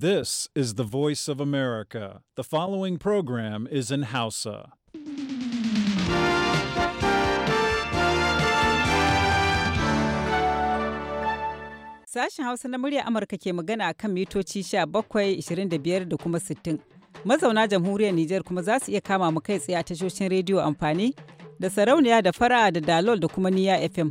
This is the voice of America. The following program is in Hausa. Sashen Hausa na murya Amurka ke magana a kan mitoci 17, 25 da kuma 60. Mazauna jamhuriyar Nijar kuma za su iya kama mu kai tsaye a tashoshin rediyo amfani da sarauniya da fara da dalol da kuma niya FM.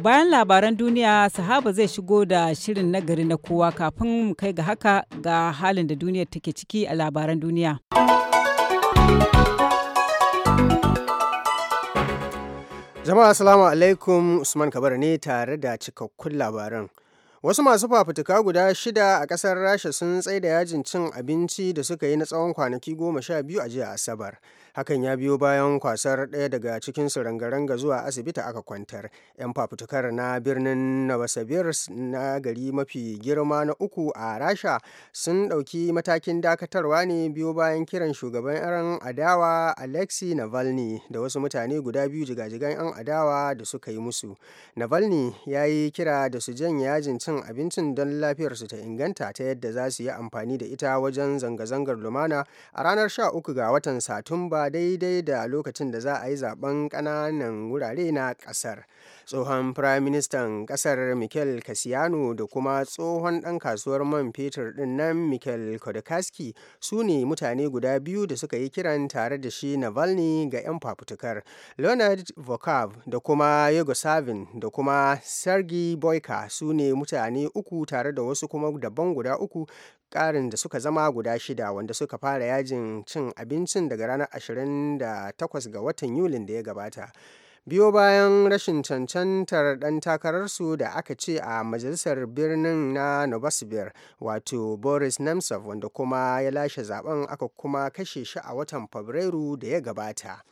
Bayan labaran duniya, sahaba zai shigo da shirin nagari na kowa kafin mu kai ga haka ga halin da duniyar take ciki a labaran duniya. Jama'a asalamu alaikum Usman Kabar ne tare da cikakkun labaran. Wasu masu fafutuka guda shida a kasar Rasha sun tsaida yajin cin abinci da suka yi na tsawon kwanaki goma sha biyu a jiya Asabar. hakan ya biyo bayan kwasar ɗaya daga cikin su ranga-ranga zuwa asibiti aka kwantar yan fafutukar na birnin novosibirsk na gari mafi girma na uku a rasha sun ɗauki matakin dakatarwa ne biyo bayan kiran shugaban 'yan adawa alexei navalny da wasu mutane guda biyu jigajigan 'yan adawa da suka yi musu navalny ya yi kira da su janye yajin cin abincin don lafiyarsu ta inganta ta yadda za su yi amfani da ita wajen zanga-zangar lumana a ranar 13 ga watan satumba a daidai da lokacin da za a yi zaben ƙananan wurare na ƙasar tsohon firaministan ƙasar michael kasiyanu da kuma tsohon ɗan kasuwar man fetur ɗin nan michael kodakaski su ne mutane guda biyu da suka yi kiran tare da shi navalny ga 'yan fafutukar leonard vokav da kuma savin da kuma sergi boyka su ne mutane uku tare da wasu kuma daban guda uku karin da suka zama guda shida wanda suka fara yajin cin abincin daga ranar 28 ga watan Yulin da ya gabata. biyo bayan rashin cancantar ɗan takararsu da aka ce a majalisar birnin na novosibir wato boris nemtsov wanda kuma ya lashe zaben aka kuma kashe shi a watan fabrairu da ya gabata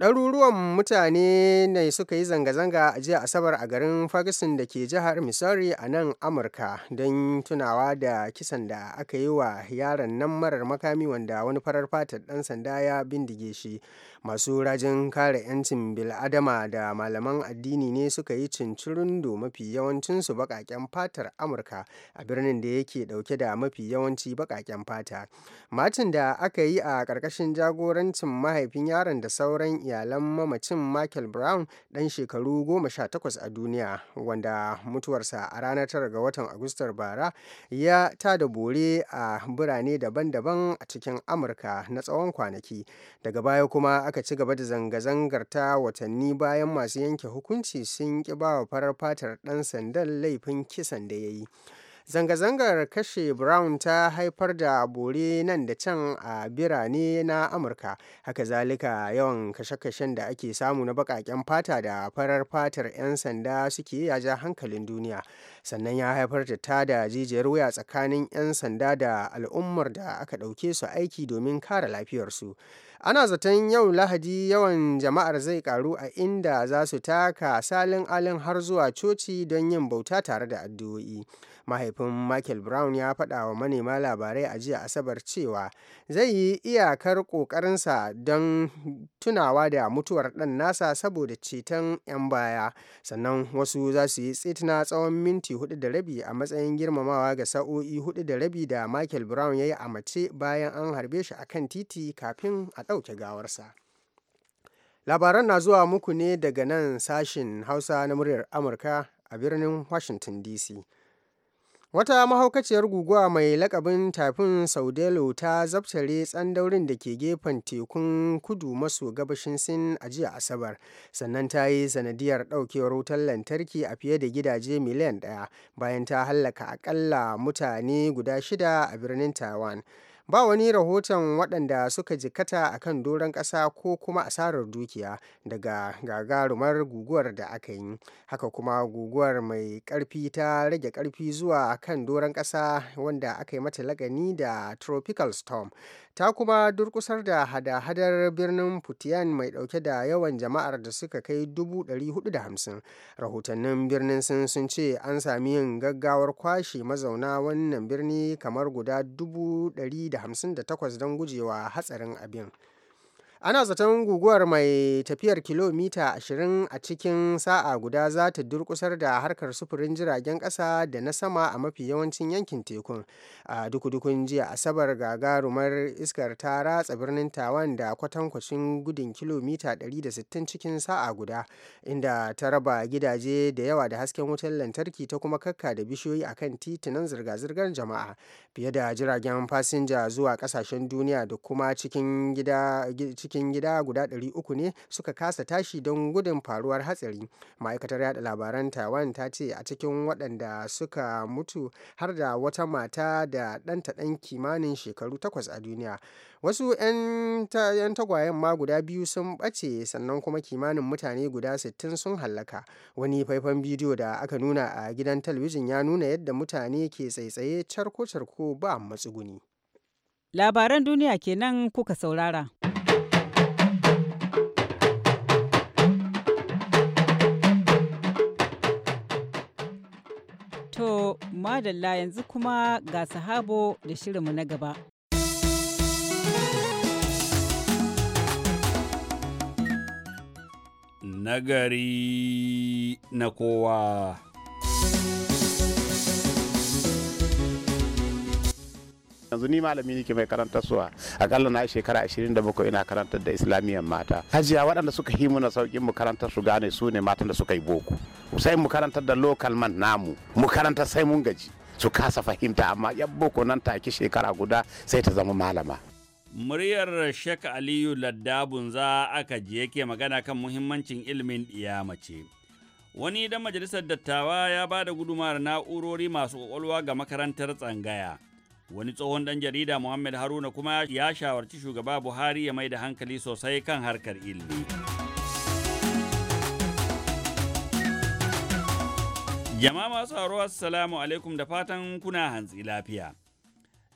Ɗaruruwan mutane ne suka yi zanga-zanga a jiya Asabar a garin Ferguson da ke jihar Missouri a nan Amurka don tunawa da kisan da aka yi wa yaron nan marar makami wanda wani farar fatar ɗan sanda ya bindige shi. masu rajin kare 'yancin bil'adama da malaman addini ne suka yi cincirundo mafi yawancinsu baƙaƙen fatar amurka a birnin da yake ɗauke da mafi yawanci baƙaƙen fata matin da aka yi a ƙarƙashin jagorancin mahaifin yaron da sauran iyalan mamacin michael brown ɗan shekaru goma sha takwas a duniya wanda mutuwarsa a ranar tara ga watan agustar bara ya tada bore a birane daban-daban a cikin amurka na tsawon kwanaki daga baya kuma aka ci gaba da zanga-zangar ta watanni bayan masu yanke hukunci sun ƙi wa farar fatar ɗan sandan laifin kisan da ya yi zanga-zangar kashe brown ta haifar da bore nan da can a birane na amurka haka zalika yawan kashe-kashen da ake samu na bakaken fata da farar fatar 'yan sanda suke ya ja hankalin duniya sannan ya haifar da ta da jijiyar wuya tsakanin 'yan sanda da al'ummar da aka ɗauke su aiki domin kare lafiyarsu ana zaton yau lahadi yawan jama'ar zai karu a inda za su taka salin alin har zuwa coci don yin bauta tare da addu'o'i mahaifin michael brown ya faɗa wa manema labarai a jiya asabar cewa zai yi iyakar ƙoƙarinsa don tunawa da mutuwar ɗan nasa saboda ceton 'yan baya sannan wasu za su yi tsit na tsawon minti hudu da rabi a matsayin girmamawa ga sa'o'i hudu da rabi da michael brown ya yi a mace bayan an harbe shi akan titi kafin a ɗauke gawarsa labaran na zuwa muku ne daga nan sashin hausa na muryar amurka a birnin washington dc Wata mahaukaciyar guguwa mai lakabin tafin saudelo ta zabtare tsandaurin da ke gefen tekun kudu maso gabashin Sin a jiya Asabar, sannan ta yi sanadiyar ɗaukewar wutar lantarki a fiye da gidaje miliyan ɗaya bayan ta hallaka aƙalla mutane guda shida a birnin Taiwan. ba wani rahoton waɗanda suka jikata a kan doron ƙasa ko kuma asarar dukiya daga gagarumar guguwar da aka yi haka kuma guguwar mai ƙarfi ta rage ƙarfi zuwa kan doron ƙasa wanda aka yi mata lagani da tropical storm ta kuma durkusar da hada-hadar birnin putian mai ɗauke da yawan jama'ar da suka kai 450 rahotannin birnin sun sun ce an sami yin gaggawar kwashe mazauna wannan birni kamar guda 100 hamsin da takwas don gujewa hatsarin abin ana zaton guguwar mai tafiyar kilomita 20 a cikin sa'a guda za ta durkusar da harkar sufurin jiragen ƙasa da na sama a mafi yawancin yankin tekun a dukudukun jiya asabar gagarumar iskar ta ratsa birnin tawan da kwatankwacin gudun kilomita 160 cikin sa'a guda inda ta raba gidaje da yawa da hasken wutar lantarki ta kuma kakka da bishiyoyi akan titunan zirga-zirgar jama'a fiye da jiragen fasinja zuwa kasashen duniya da kuma cikin gida cikin gida guda 300 ne suka kasa tashi don gudun faruwar hatsari ma'aikatar yada labaran taiwan ta ce a cikin waɗanda suka mutu har da wata mata da ɗanta ɗan kimanin shekaru takwas a duniya wasu 'yan tagwayen ma guda biyu sun ɓace sannan kuma kimanin mutane guda 60 sun hallaka wani faifan bidiyo da aka nuna a gidan talabijin ya nuna yadda mutane ke tsaitsaye carko-carko ba matsuguni labaran duniya kenan kuka saurara. To, madalla yanzu kuma ga sahabo da shirinmu na gaba. Nagari na kowa. yanzu ni malami nake mai karantar suwa akalla na shekara 27 ina karantar da islamiyan mata hajiya waɗanda suka yi mu na saukin mu karantar su gane su ne matan da suka yi boko sai mu karantar da local man namu mu karantar sai mun gaji su kasa fahimta amma yan boko nan take shekara guda sai ta zama malama muryar Sheikh Aliyu ladabun za aka ji yake magana kan muhimmancin ilimin mace. Wani dan majalisar dattawa ya ba da gudumar na'urori masu kwakwalwa ga makarantar tsangaya. wani tsohon dan jarida muhammad haruna kuma ya shawarci shugaba buhari ya mai da hankali sosai kan harkar ilimi jama'a masu haro assalamu alaikum da fatan kuna hantsi lafiya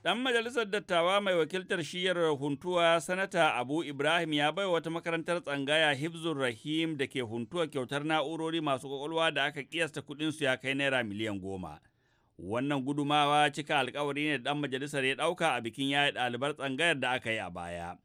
Ɗan majalisar dattawa mai wakiltar shiyar Huntuwa Sanata Abu Ibrahim ya bai wata makarantar tsangaya Hibzur Rahim da ke Huntuwa kyautar na'urori masu kwakwalwa da aka kiyasta kuɗinsu ya kai naira miliyan goma. Wannan gudumawa cika alkawari ne da ɗan majalisar ya ɗauka a bikin yayi ɗalibar tsangayar da aka yi a baya.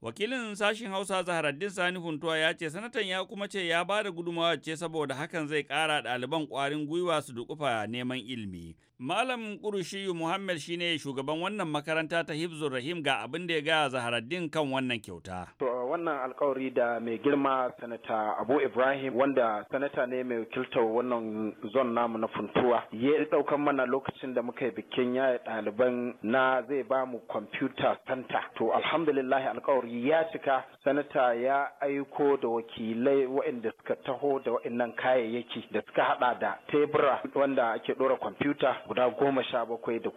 Wakilin sashen Hausa Zaharaddin Sani Huntuwa ya ce sanatan ya kuma ce ya bada gudumawa ce saboda hakan zai kara ɗaliban kwarin gwiwa su dukufa neman ilimi. Malam Ƙurushi Muhammad shine shugaban wannan makaranta ta Hibzur Rahim ga abin da ya ga Zaharaddin kan wannan kyauta. To wannan alkawari da mai girma sanata Abu Ibrahim wanda sanata ne mai wakiltar wannan zon namu na Funtuwa ya ɗaukan mana lokacin da muka yi bikin yi ɗaliban na zai ba mu kwamfuta santa. To alhamdulillah alkawari ya cika sanata ya aiko da wakilai waɗanda suka taho da waɗannan kayayyaki da suka haɗa da tebura wanda ake ɗora kwamfuta guda goma sha bakwai da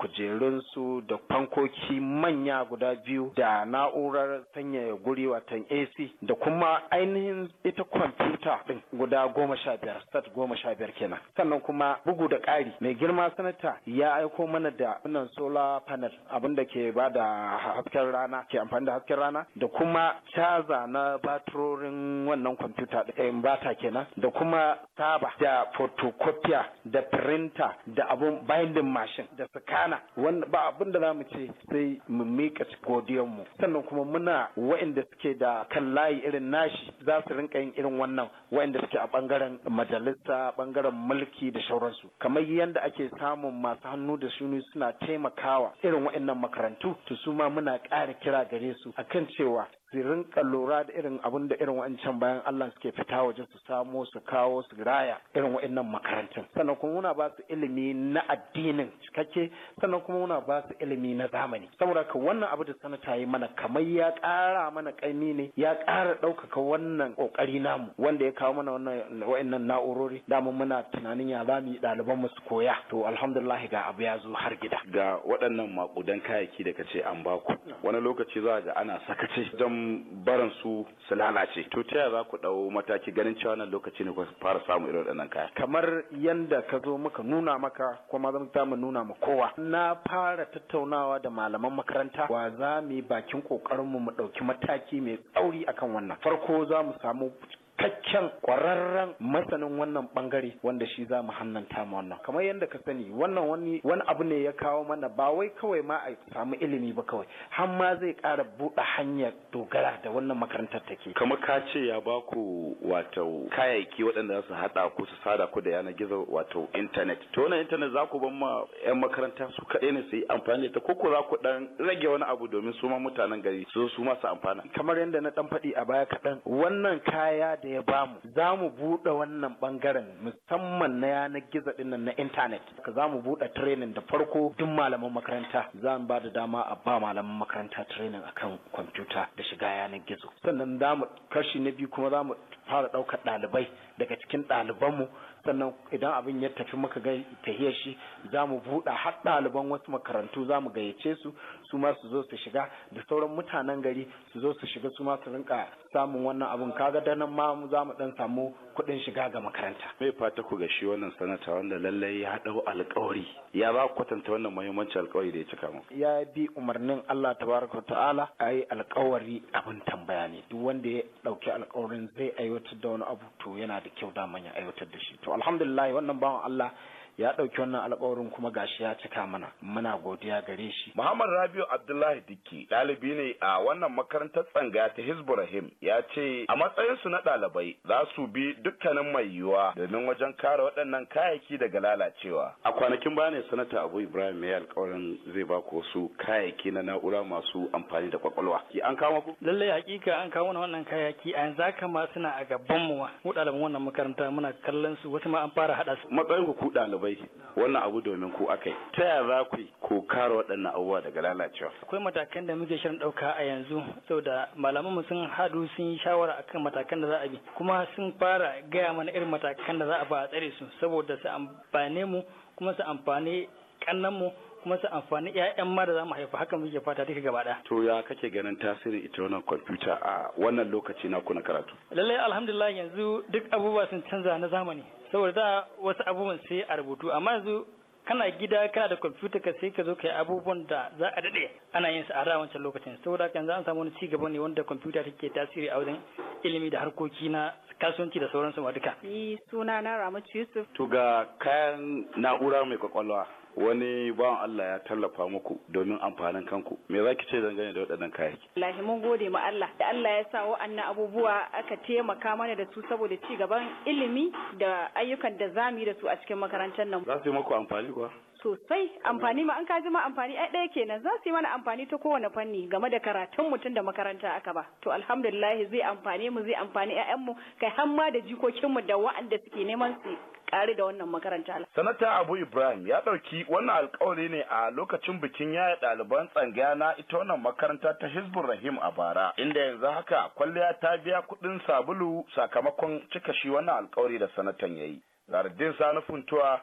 su da fankoki manya guda biyu da na'urar sanyaya guri watan AC da kuma ainihin ita kwamfuta ɗin guda goma sha biyar sat goma sha biyar kenan sannan kuma bugu da ƙari mai girma sanata ya aiko mana da wannan solar panel abin da ke ba da hasken rana ke amfani da hasken rana da kuma caza na baturorin wannan kwamfuta ɗin bata kenan da kuma saba da photocopier da printer da abun handling mashin da sakana wanda ba abin da zamu ce sai mu mika godiyar mu sannan kuma muna waɗanda suke da kan layi irin nashi za su rinka yin irin wannan waɗanda suke a bangaren majalisa bangaren mulki da sauransu kamar yadda ake samun masu hannu da shuni suna taimakawa irin waɗannan makarantu to su ma muna ƙara kira gare su akan cewa su rinka lura da irin abin da irin wancan bayan Allah suke fita waje su samo su kawo su raya irin wa'annan makarantun sannan kuma muna ba su ilimi na addinin cikakke sannan kuma muna ba su ilimi na zamani saboda ka wannan abu da sanata yi mana kamar ya ƙara mana ƙaimi ne ya ƙara ɗaukaka wannan ƙoƙari namu wanda ya kawo mana wannan wa'annan na'urori dama muna tunanin ya za mu yi ɗaliban mu su koya to alhamdulillah ga abu ya zo har gida ga waɗannan maƙudan kayayyaki da ce an baku wani lokaci za ga ana sakaci don barin su su lalace to ta za ku ɗau mataki ganin cewa nan lokaci ne ku fara samu irin waɗannan kaya kamar yanda ka zo muka nuna maka kuma zan ta mu nuna ma kowa na fara tattaunawa da malaman makaranta wa za mu yi bakin kokarin mu mu dauki mataki mai tsauri akan wannan farko za mu samu cikakken kwararren masanin wannan bangare wanda shi za mu hannanta mu wannan kamar yadda ka sani wannan wani wani abu ne ya kawo mana ba wai kawai ma a samu ilimi ba kawai har ma zai ƙara buɗe hanyar dogara da wannan makarantar take kamar ka ce ya ba ku wato kayayyaki waɗanda za su haɗa ku su sada ku da yanar gizo wato internet to wannan internet za ku ban ma 'yan makaranta su kaɗai ne su yi amfani da ta ko za ku ɗan rage wani abu domin su ma mutanen gari su su ma su amfana kamar yadda na ɗan faɗi a baya kaɗan wannan kaya da sai ya bamu za mu buɗe wannan bangaren musamman na yanar gizo ɗin na intanet ka za mu buɗe training da farko duk malaman makaranta za mu ba da dama a ba malaman makaranta training akan kwamfuta da shiga yanar gizo sannan za mu kashi na biyu kuma za mu fara ɗaukar ɗalibai daga cikin ɗalibanmu sannan idan abin ya tafi muka ga tahiyar shi za mu buɗe har ɗaliban wasu makarantu za mu gayyace su su ma su zo su shiga da sauran mutanen gari su zo su shiga su ma su rinka samun wannan abin kaga da nan ma mu za mu dan samu kuɗin shiga ga makaranta. mai fata ku ga shi wannan sanata wanda lallai ya ɗau alƙawari ya ba ku kwatanta wannan muhimmanci alƙawari da ya cika mu. Ya bi umarnin Allah tabaraka ta'ala a yi alƙawari abin tambaya ne duk wanda ya ɗauki alƙawarin zai aiwatar da wani abu to yana da kyau da ya aiwatar da shi. To alhamdulillah wannan bawan Allah ya ɗauki wannan alƙawarin kuma gashi ya cika mana muna godiya gare shi. Muhammad Rabiu Abdullahi Dikki ɗalibi ne a wannan makarantar tsanga ta rahim ya ce a matsayinsu na ɗalibai za su bi duk dukkanin mai yiwuwa domin wajen kare waɗannan kayayyaki daga lalacewa. A kwanakin baya ne sanata Abu Ibrahim ya alƙawarin zai ba ku wasu kayayyaki na na'ura masu amfani da kwakwalwa. Ki an kama ku? Lallai hakika an kawo wannan kayayyaki a yanzu haka ma suna a gaban mu. Mu ɗaliban wannan makaranta muna kallon su wasu ma an fara haɗa su. Matsayin ku ɗalibai wannan abu domin ku akai. Ta yaya za ku ku kare waɗannan abubuwa daga lalacewa? Akwai matakan da muke shirin ɗauka a yanzu saboda malamanmu mu sun haɗu sun yi shawara akan matakan da za a bi kuma sun fara gaya mana irin matakan da za a ba a tsare su saboda su amfane mu kuma su amfani kannan mu kuma su amfani ƴaƴan ma da za mu haifa haka muke fata duka gaba ɗaya. To ya kake ganin tasirin ita wannan kwamfuta a wannan lokaci na kuna karatu? Lallai alhamdulillah yanzu duk abubuwa sun canza na zamani saboda da wasu abubuwan sai a rubutu amma yanzu kana gida kana da kwamfuta ka sai ka zo kai abubuwan da za a daɗe ana yin su a wancan lokacin saboda haka yanzu an samu wani cigaba ne wanda kwamfuta take tasiri a wajen ilimi da harkoki na kasuwanci da sauransu ma duka. Ni eh, suna na Ramatu Yusuf. To ga kayan na'ura mai kwakwalwa wani bawan Allah ya tallafa muku domin amfanin kanku me za ki ce dangane da waɗannan kayayyaki Allahi mun gode ma Allah da Allah ya sa wa'annan abubuwa aka taimaka mana da su saboda ci gaban ilimi da ayyukan da zamu yi da su a cikin makarantar nan za su yi muku amfani kuwa sosai amfani ma an ka ji ma amfani ai ɗaya kenan za su yi mana amfani ta kowane fanni game da karatun mutum da makaranta aka ba to alhamdulillah zai amfane mu zai amfani ƴaƴanmu kai har ma da jikokinmu da wa'anda suke neman su Kare da wannan makaranta. Sanata Abu Ibrahim ya ɗauki wannan alƙawari ne a lokacin bikin yaya ɗaliban tsangaya na ita wannan makaranta ta Hizbun Rahim a bara, inda yanzu haka kwalliya ta biya kuɗin sabulu sakamakon cika shi wannan alƙawari da sanatan ya yi. Zardin Sani Funtuwa,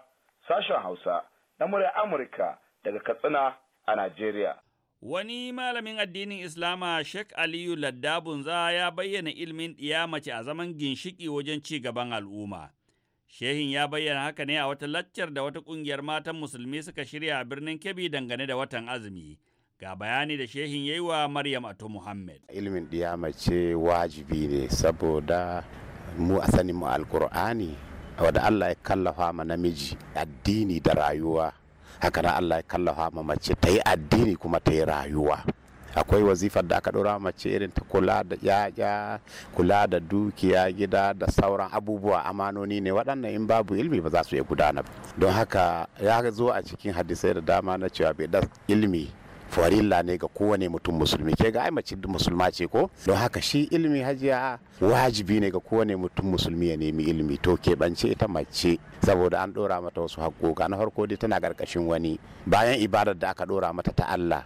sashen Hausa, na murya Amurka daga Katsina a Najeriya. Wani malamin addinin Islama Sheikh Aliyu Laddabunza ya bayyana ilimin ɗiya mace a zaman ginshiki wajen ci gaban al'umma. Shehin ya bayyana haka ne a wata laccar da wata ƙungiyar matan musulmi suka shirya a birnin Kebbi dangane da watan azumi. Ga bayani da shehin ya yi wa Maryam Ato Muhammad. Ilimin ɗiyama ce wajibi ne saboda mu a sanin mu alkur'ani wadda Allah ya kallafa ma namiji addini da rayuwa haka Allah ya kallafa ma mace ta yi addini kuma ta yi rayuwa. akwai wazifar da aka ɗora mace irin ta kula da yaya kula da dukiya gida da sauran abubuwa amanoni ne waɗannan in babu ilmi ba za su iya gudana don haka ya zo a cikin hadisai da dama na cewa bai da ilmi farilla ne ga kowane mutum musulmi ke ga mace musulma ce ko don haka shi ilmi hajiya wajibi ne ga kowane mutum musulmi ya nemi ilmi to keɓance ita mace saboda an ɗora mata wasu haƙoƙa na farko dai tana ƙarƙashin wani bayan ibadar da aka ɗora mata ta Allah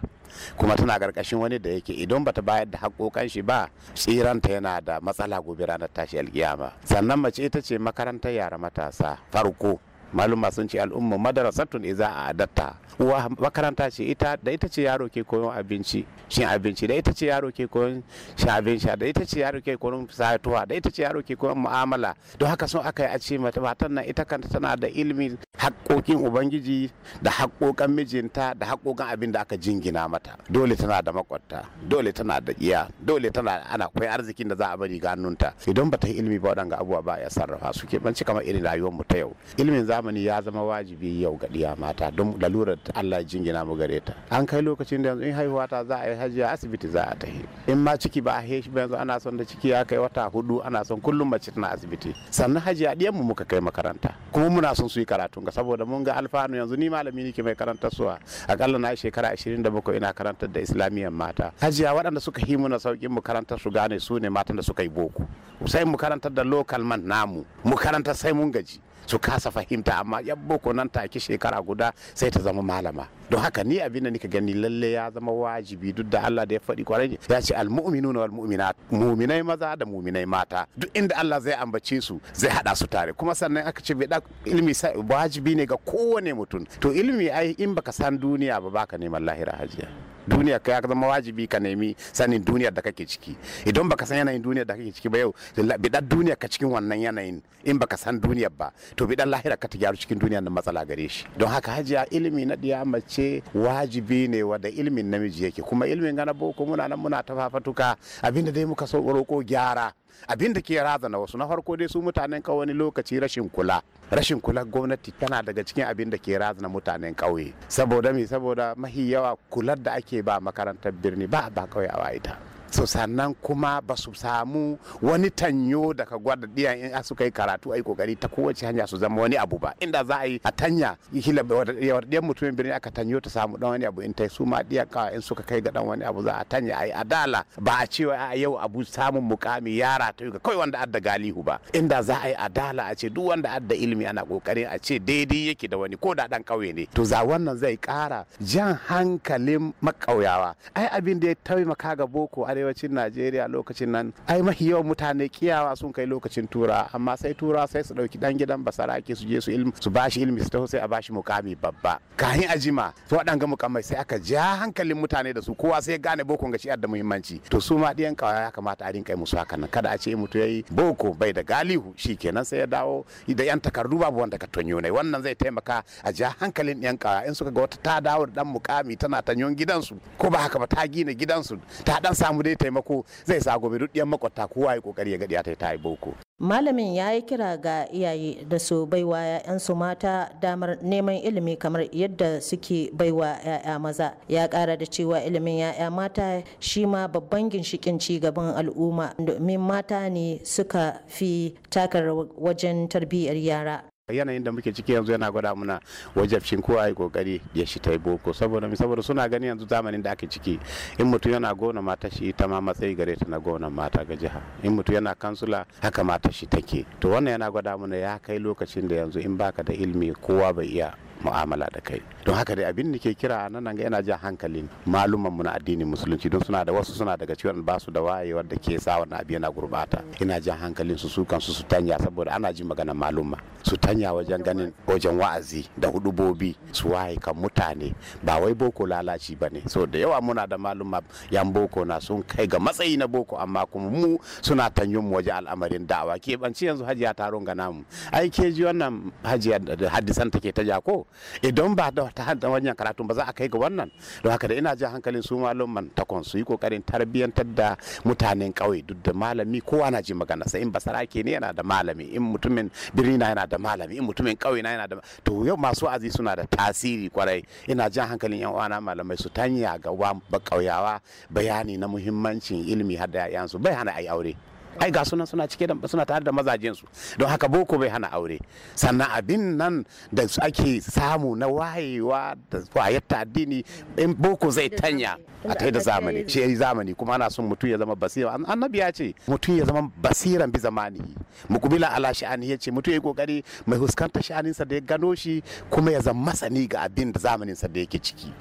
kuma tana karkashin wani da yake idan bata bayar da haƙoƙan shi ba tsiranta yana da matsala gobe ranar tashi alkiyama sannan mace ita ce makarantar yara matasa farko maluma sun ce al'umma madarasatun iza a adatta uwa makaranta ce ita da ita ce yaro ke koyon abinci shin abinci da ita ce yaro ke koyon sha sha da ita ce yaro ke koyon satuwa da ita ce yaro ke koyon mu'amala don haka sun aka yi a ce mata matan nan ita kanta tana da ilimi haƙoƙin ubangiji da haƙoƙan mijinta da haƙoƙan abin da aka jingina mata dole tana da makwabta dole tana da iya dole tana ana akwai arzikin da za a bari ganunta idan ba yi ilimi ba waɗanga abubuwa ba ya sarrafa su ke ban kamar irin rayuwar mu ta yau ilimin za zamani ya zama wajibi yau ga ɗiya mata don lalurar Allah jingina mu gare ta an kai lokacin da yanzu in haihuwa ta za a yi hajiya asibiti za a tafi in ma ciki ba a shi yanzu ana son da ciki ya kai wata hudu ana son kullum mace tana asibiti sannan hajiya ɗiyan mu muka kai makaranta kuma muna son su yi karatun ga saboda mun ga alfanu yanzu ni malami nake mai karantar suwa akalla na shekara 27 ina karantar da islamiyan mata hajiya waɗanda suka himu na saukin mu karantar su gane su ne matan da suka yi boko sai mu karantar da local man namu mu karanta sai mun gaji su kasa fahimta amma yan boko nan take shekara guda sai ta zama malama don haka ni abin da nika gani lalle ya zama wajibi duk da Allah da ya faɗi kwarai ya ce almu'minuna wal mu'minat mu'minai maza da mu'minai mata duk inda Allah zai ambace su zai hada su tare kuma sannan aka ce bida ilimi wajibi ne ga kowane mutum to ilimi ai in baka san duniya ba baka neman lahira hajiya duniya ka ya zama wajibi ka nemi sanin duniya da kake ciki idan baka san yanayin duniya da kake ciki ba yau bidan duniya ka cikin wannan yanayin in baka san duniya ba to bidan lahira ka ta gyaru cikin duniya na matsala gare shi don haka hajiya ilimi na diya mace wajibi ne wada ilimin namiji yake kuma ilimin gana boko muna nan muna ta fafatuka abinda dai muka so roko gyara abinda ke razana wasu na farko dai su mutanen ka wani lokaci rashin kula rashin kula gwamnati tana daga cikin abin da ke razana mutanen ƙauye saboda me saboda mahi yawa kular da ake ba makarantar birni ba ba kawai a ita so sannan kuma ba su samu wani tanyo daga gwada diyan in su kai karatu ai kokari ta kowace hanya su zama wani abu ba inda za a yi a tanya hila yawar mutumin birni aka tanyo ta samu dan wani abu in ta su ma diyan kawa in suka kai ga dan wani abu za a tanya ai adala ba a cewa a yau abu samun mukami yara ta ga kai wanda adda galihu ba inda za a yi adala a ce duk wanda adda ilimi ana kokarin a ce daidai yake da wani ko da dan kauye ne to za wannan zai kara jan hankalin makauyawa ai abin da ya taimaka ga boko are arewacin najeriya lokacin nan ai mafi yawan mutane kiyawa sun kai lokacin tura amma sai tura sai su dauki dan gidan basarake su je su ilmi su bashi ilmi su taho sai a bashi mukami babba kahin ajima to waɗanga mukamai sai aka ja hankalin mutane da su kowa sai gane boko ga shi'ar da muhimmanci to su ma ɗiyan kawai ya kamata a rinka musu haka nan kada a ce mutu yayi boko bai da galihu shi kenan sai ya dawo da yan takardu babu wanda ka tonyo ne wannan zai taimaka a ja hankalin ɗiyan kawa in suka ga wata ta dawo da dan mukami tana tanyon gidansu ko ba haka ba ta gina gidansu ta dan samu dai dai taimako zai sa gobe duk yan makwata kowa ya kokari ya gadi ta ta boko malamin ya yi kira ga iyaye da su baiwa 'ya'yansu mata damar neman ilimi kamar yadda suke baiwa 'ya'ya maza ya kara da cewa ilimin 'ya'ya mata shi ma babban ginshikin ci gaban al'umma domin mata ne suka fi taka wajen tarbiyyar yara yanayin da muke ciki yanzu yana gwada muna wajabcin kowa ya kokari ya shi ta boko saboda mi saboda suna gani yanzu zamanin da ake ciki in mutum yana gona mata shi ita ma matsayi gare ta na gona mata ga jiha in mutum yana kansula haka mata shi take to wannan yana gwada muna ya kai lokacin da yanzu in baka da ilimi kowa bai iya mu'amala da kai don haka dai abin da ke kira nan ga yana jan hankalin maluman mu na addinin musulunci don suna da wasu suna daga cikin ba su da wayewar da ke sa wannan abin yana gurbata ina jan hankalin su su kansu su tanya saboda ana ji magana maluma su tanya wajen ganin wajen wa'azi da hudubobi su waye kan mutane ba wai boko lalaci ba ne so da yawa muna da maluma yan boko na sun kai ga matsayi na boko amma kuma mu suna tanyon mu wajen al'amarin da'awa ke banci yanzu hajiya taron ga namu ai ke ji wannan hajiya hadisan take ta jako idan ba da ta hanta wannan karatun ba za a kai ga wannan don haka da ina ji hankalin su malaman takon su yi kokarin tarbiyyantar da mutanen kauye duk da malami kowa na ji magana sai in basara ke ne yana da malami in mutumin birni yana da malami in mutumin ƙauye na yana da to yau masu azi suna da tasiri kwarai ina jin hankalin yan uwana malamai su tanya ga ba ƙauyawa bayani na muhimmancin ilimi har da 'ya'yansu bai hana ayi aure ai ga sunan suna cike da suna tare da mazajen su don haka boko bai hana aure sannan abin nan da ake samu na wayewa da wayatta addini in boko zai tanya a tai da zamani shi zamani kuma ana son mutum ya zama basira annabi ya ce mutum ya zama basiran bi zamani mukubila ala sha'ani ya ce mutum ya yi kokari mai huskanta sha'aninsa da ya gano shi kuma ya zama masani ga abin da zamaninsa da yake ciki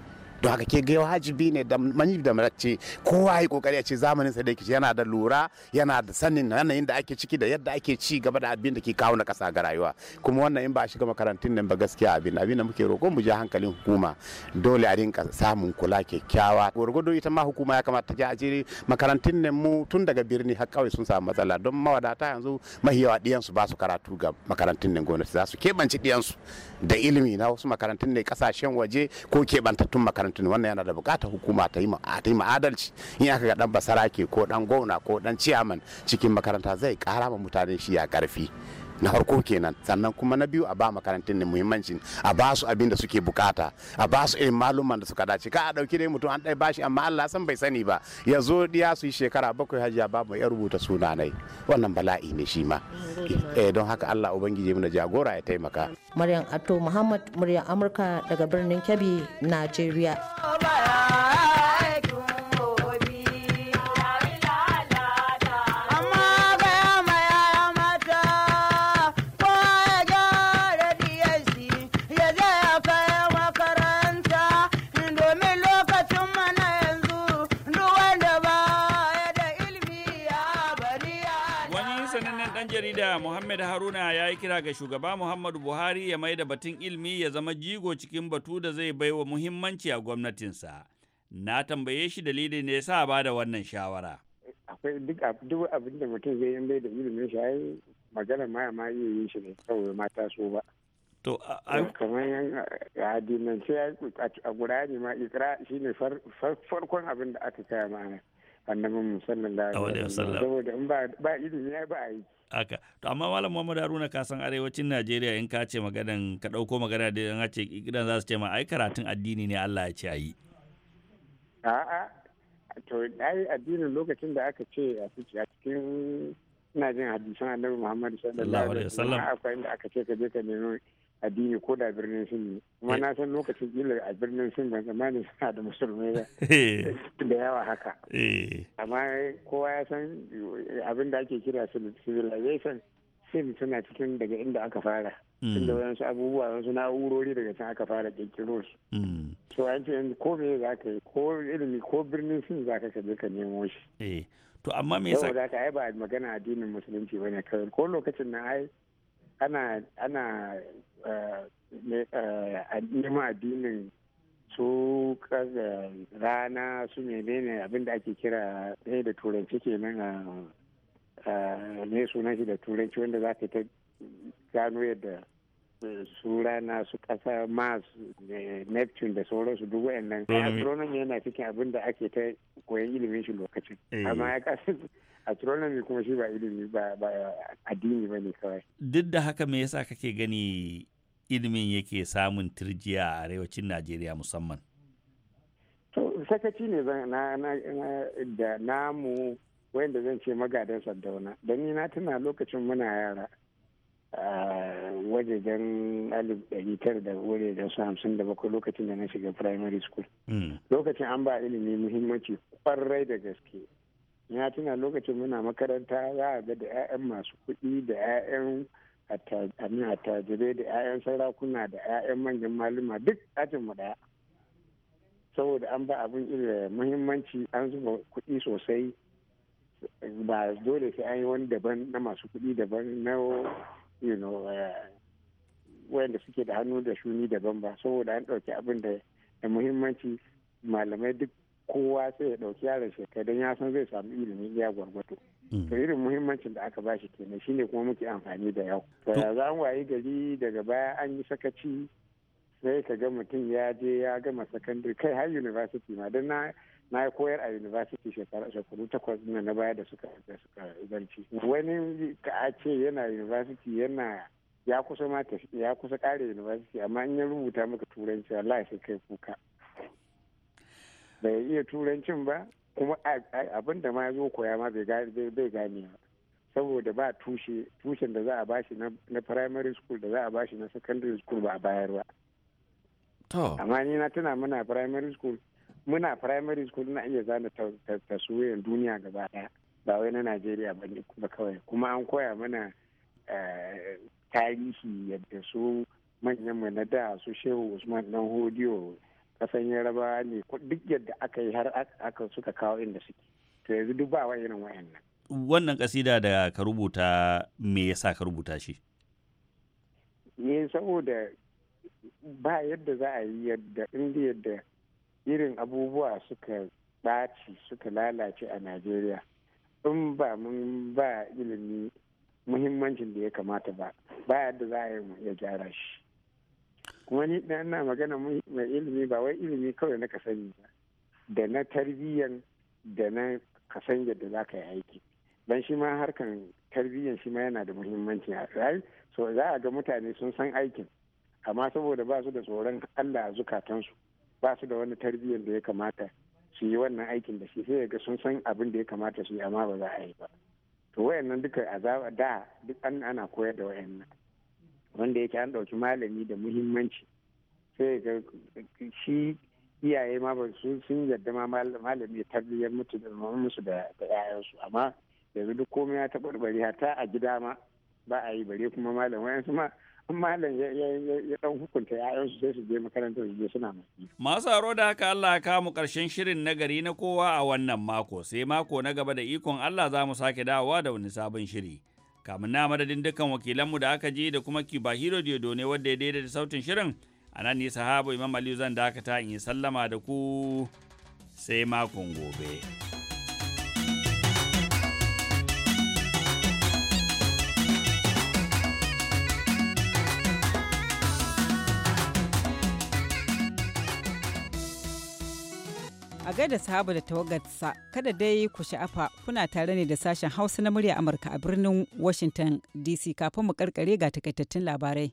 don haka ke ga wajibi ne da manyi da mace kowa ya kokari a ce zamanin sa da yake yana da lura yana da sanin yanayin da ake ciki da yadda ake ci gaba da abin da ke kawo na kasa ga rayuwa kuma wannan in ba shiga makarantun nan ba gaskiya abin abin da muke roƙo mu ji hankalin hukuma dole a rinka samun kula kyakkyawa gwargwado ita ma hukuma ya kamata ta je makarantun nan mu tun daga birni har kawai sun samu matsala don mawadata yanzu mahiyawa diyansu ba su karatu ga makarantun nan gwamnati za su keɓance diyansu da ilimi na wasu makarantun ne kasashen waje ko keɓantattun makarantun makarantun wannan yana da bukatar hukuma ta yi ma adalci in aka ga dan basarake ko dan gona ko dan ciyaman cikin makaranta zai kara ma mutane shi ya karfi na farko kenan sannan kuma na biyu a ba makarantun ne muhimmancin a ba su abin da suke bukata a ba su irin maluman da suka dace ka a dauki dai mutum an dai bashi amma Allah san bai sani ba ya zo diya su yi shekara bakwai hajiya ba mai rubuta sunanai wannan bala'i ne shi ma eh don haka Allah ubangiji mu da jagora ya taimaka Maryam Atto Muhammad muryar Amurka daga birnin Kebbi Najeriya Najeriya Muhammad Haruna ya yi kira ga shugaba Muhammadu Buhari ya mai da batun ilmi ya zama jigo cikin batu da zai baiwa muhimmanci a gwamnatinsa. Na tambaye shi dalilin ne sa ba da wannan shawara. Akwai duk abin da mutum zai yi da ilimin shi magana ma ma iya yin shi ne kawai mata so ba. To kamar yan adinance a ne ma shi ne farkon abin da aka kaya ma annabin musallan da saboda in ba ilimi ba a yi. haka to amma malam Muhammad Haruna ka san arewacin Najeriya in ka ce maganan ka dauko magana da an ce gidan za su ce ma ai karatun addini ne Allah ya ce ayi a'a to ai addinin lokacin da aka ce a cikin ina jin hadisan Annabi Muhammad sallallahu alaihi wasallam akwai inda aka ce ka je ka nemi addini ko da birnin sun ne kuma eh. na san lokacin kila a birnin sun ban zamanin suna da musulmai ba eh. da yawa haka eh. amma kowa ya san abin da ake kira civilization sin suna cikin daga inda aka fara inda hmm. wayansu abubuwa wasu na'urori daga can aka fara kirkiro su hmm. so an ce ko me za ka yi ko ilimi ko birnin sin za ka kaje ka nemo shi to amma me yasa ba magana addinin musulunci bane kawai ko lokacin na ai ana ana eh, nema eh, addinin su kaga eh, rana su menene abin da ake kira ɗaya da turanci kenan a ah, ne ah, sunan shi da turanci wanda za ka ta gano yadda su rana su ƙasa mars neptune da sauransu duk wa'annan astronomy yana cikin abin da ake ta koyan ilimin shi lokacin amma ya astronomy kuma shi ba ilimi ba addini ba ne kawai duk da haka me yasa kake gani ilimin yake samun turjiya a arewacin najeriya musamman to sakaci ne na da namu wanda zan ce magadan sardauna don ni na tuna lokacin muna yara wajajen alif ɗari tara da wuri da su hamsin da bakwai lokacin da na shiga primary school hmm. lokacin an ba ilimi muhimmanci kwarai da gaske ya tuna lokacin muna makaranta za a ga da 'ya'yan masu kuɗi da 'ya'yan attajirai da 'ya'yan sarakuna da 'ya'yan manyan malama duk ajin mu daya saboda an ba abin irin muhimmanci an zuba kuɗi sosai ba dole sai an yi wani daban na masu kuɗi daban na eh, wayanda suke da hannu da shuni daban ba saboda an ɗauki abin da muhimmanci malamai duk kowa sai ya ɗauki yaron kai don ya san zai samu ilimi ya gwargwato mm. to irin muhimmancin da aka bashi kenan shine kuma muke amfani da yau to ya za wayi gari daga baya an yi sakaci sai ka ga mutum ya je ya gama sakandare kai har university ma don na na koyar a university shekaru takwas ne na baya da suka da suka wani ka a ce yana university yana ya kusa ma ya kusa kare university amma in ya rubuta maka turanci wallahi sai kai kuka bai iya turancin ba kuma abin da ma zo koya ma bai gane ba saboda ba tushe tushen da za a bashi na primary school da za a bashi na secondary school ba a bayar ba amma ni na tuna muna primary school muna primary school na iya zana taswirar duniya gaba daya ba wai na najeriya ba ne kuma kawai kuma an koya mana eh, tarihi yadda su manyan mu na da su shehu usman dan hodiyo kasan yaraba ne duk yadda aka yi har aka suka kawo inda suke to yanzu duk ba irin wayannan wannan kasida da ka rubuta me yasa ka rubuta shi ne saboda ba yadda za a yi yadda inda yadda irin abubuwa suka ɓaci suka lalace a najeriya in ba mun ba ilimi muhimmancin da ya kamata ba ba yadda za a yi ya gyara shi kuma ni ɗan na magana mai ilimi ba wai ilimi kawai na ka sani ba da na tarbiyyan da na ka san yadda za ka yi aiki dan shi ma harkan tarbiyyan shi ma yana da muhimmanci right so za a ga mutane sun san aikin amma saboda ba su da tsoron Allah a zukatansu ba su da wani tarbiyyan da ya kamata su yi wannan aikin da shi sai ga sun san abin da ya kamata su yi amma ba za a yi ba to wayannan duka a da duk ana koyar da wayannan wanda yake an ɗauki malami da muhimmanci sai ga shi iyaye ma ba su sun yarda ma malami ya tarbiyyar mutu da musu da yayansu amma yanzu duk komai ya taɓarɓare hata a gida ma ba a yi bare kuma malam wayansu ma malam ya dan hukunta yayansu sai su je makarantar su je suna masu masu aro da haka Allah ya kamu karshen shirin na gari na kowa a wannan mako sai mako na gaba da ikon Allah za mu sake dawowa da wani sabon shiri kamun na madadin dukkan wakilanmu da aka je da kuma kiba Hero ne wadda ya da sautin shirin a nan ne sahabu Imam Aliyu zan dakata in yi sallama da ku sai makon gobe. a gaida sahaba da tawagarsa kada dai ku sha'afa kuna tare ne da sashen hausa na murya amurka a birnin washington dc kafin mu karkare ga takaitattun labarai.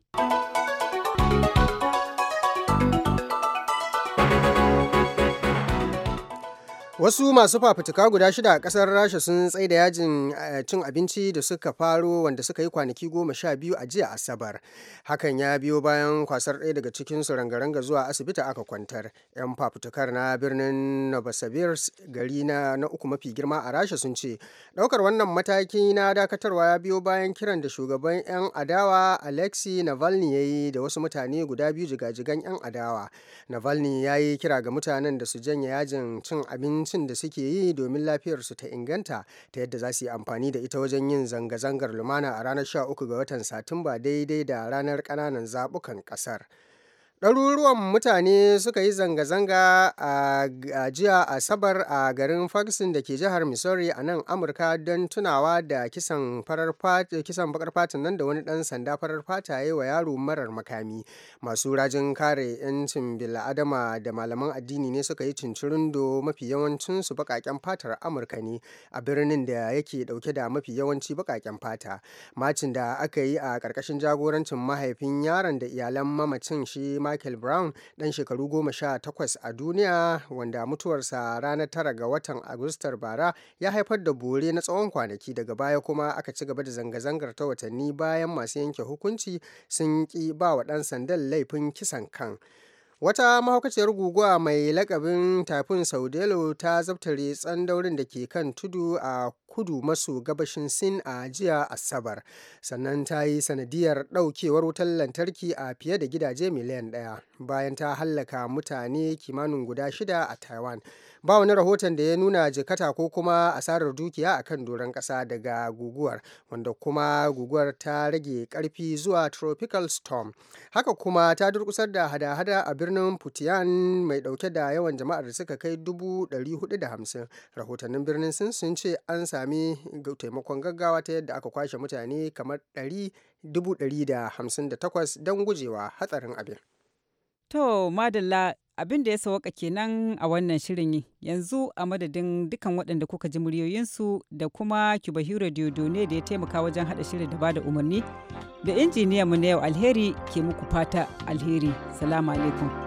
Wasu masu fafutuka guda shida a ƙasar Rasha sun tsai da yajin eh, cin abinci da suka faro wanda suka yi kwanaki goma sha biyu a jiya Asabar. Hakan ya biyo bayan kwasar ɗaya daga cikin su ranga-ranga zuwa asibiti aka kwantar. 'Yan fafutukar na birnin Novosibirsk gari na, na uku mafi girma a Rasha sun ce ɗaukar wannan mataki na dakatarwa ya biyo bayan kiran da shugaban 'yan adawa Alexei Navalny ya yi da wasu mutane guda biyu jigajigan 'yan adawa. Navalny ya yi kira ga mutanen da su janye yajin cin abinci abincin da suke yi domin lafiyar su ta inganta ta yadda za su yi amfani da ita wajen yin zanga-zangar lumana a ranar 13 ga watan satumba daidai da ranar ƙananan zaɓukan ƙasar. Ɗaruruwan mutane suka yi zanga-zanga a jiya Asabar a garin Ferguson da ke jihar Missouri a nan Amurka don tunawa da kisan bakar fatan nan da wani ɗan sanda farar fata ya yi wa yaro marar makami. Masu rajin kare 'yancin bil'adama da malaman addini ne suka yi cincirindo mafi yawancinsu baƙaƙen fatar Amurka ne a birnin da yake dauke da mafi yawanci baƙaƙen fata. Macin da aka yi a ƙarƙashin jagorancin mahaifin yaron da iyalan mamacin shi michael brown ɗan shekaru goma sha takwas a duniya wanda mutuwarsa ranar tara ga watan agustar bara ya haifar da bore na tsawon kwanaki daga baya kuma aka ci gaba da zanga-zangar ta watanni bayan masu yanke hukunci sun ki ba wa ɗan sandan laifin kisan kan wata mahaukaciyar guguwa mai lakabin tafin saudelo ta zabtare tsandaurin da ke kan tudu a kudu maso gabashin Sin a jiya Asabar, sannan ta yi sanadiyar ɗaukewar wutar lantarki a fiye da gidaje miliyan ɗaya bayan ta hallaka mutane kimanin guda shida a Taiwan. Ba wani rahoton da ya nuna jikata ko kuma asarar dukiya a kan doron ƙasa daga guguwar, wanda kuma guguwar ta rage karfi zuwa tropical storm. Haka kuma ta durkusar da hada-hada a birnin Putian mai dauke da yawan jama'ar da suka kai 450. Rahotannin birnin sun sun ce an sami sami taimakon gaggawa ta yadda aka kwashe mutane kamar 158 don gujewa hatsarin abin. To, madalla abin da ya sauka kenan a wannan shirin yanzu a madadin dukan waɗanda kuka ji muryoyinsu da kuma Kibahiro ne da ya taimaka wajen haɗa shirin da bada umarni da injiniyan mu na yau alheri ke muku fata alheri. Salamu alaikum.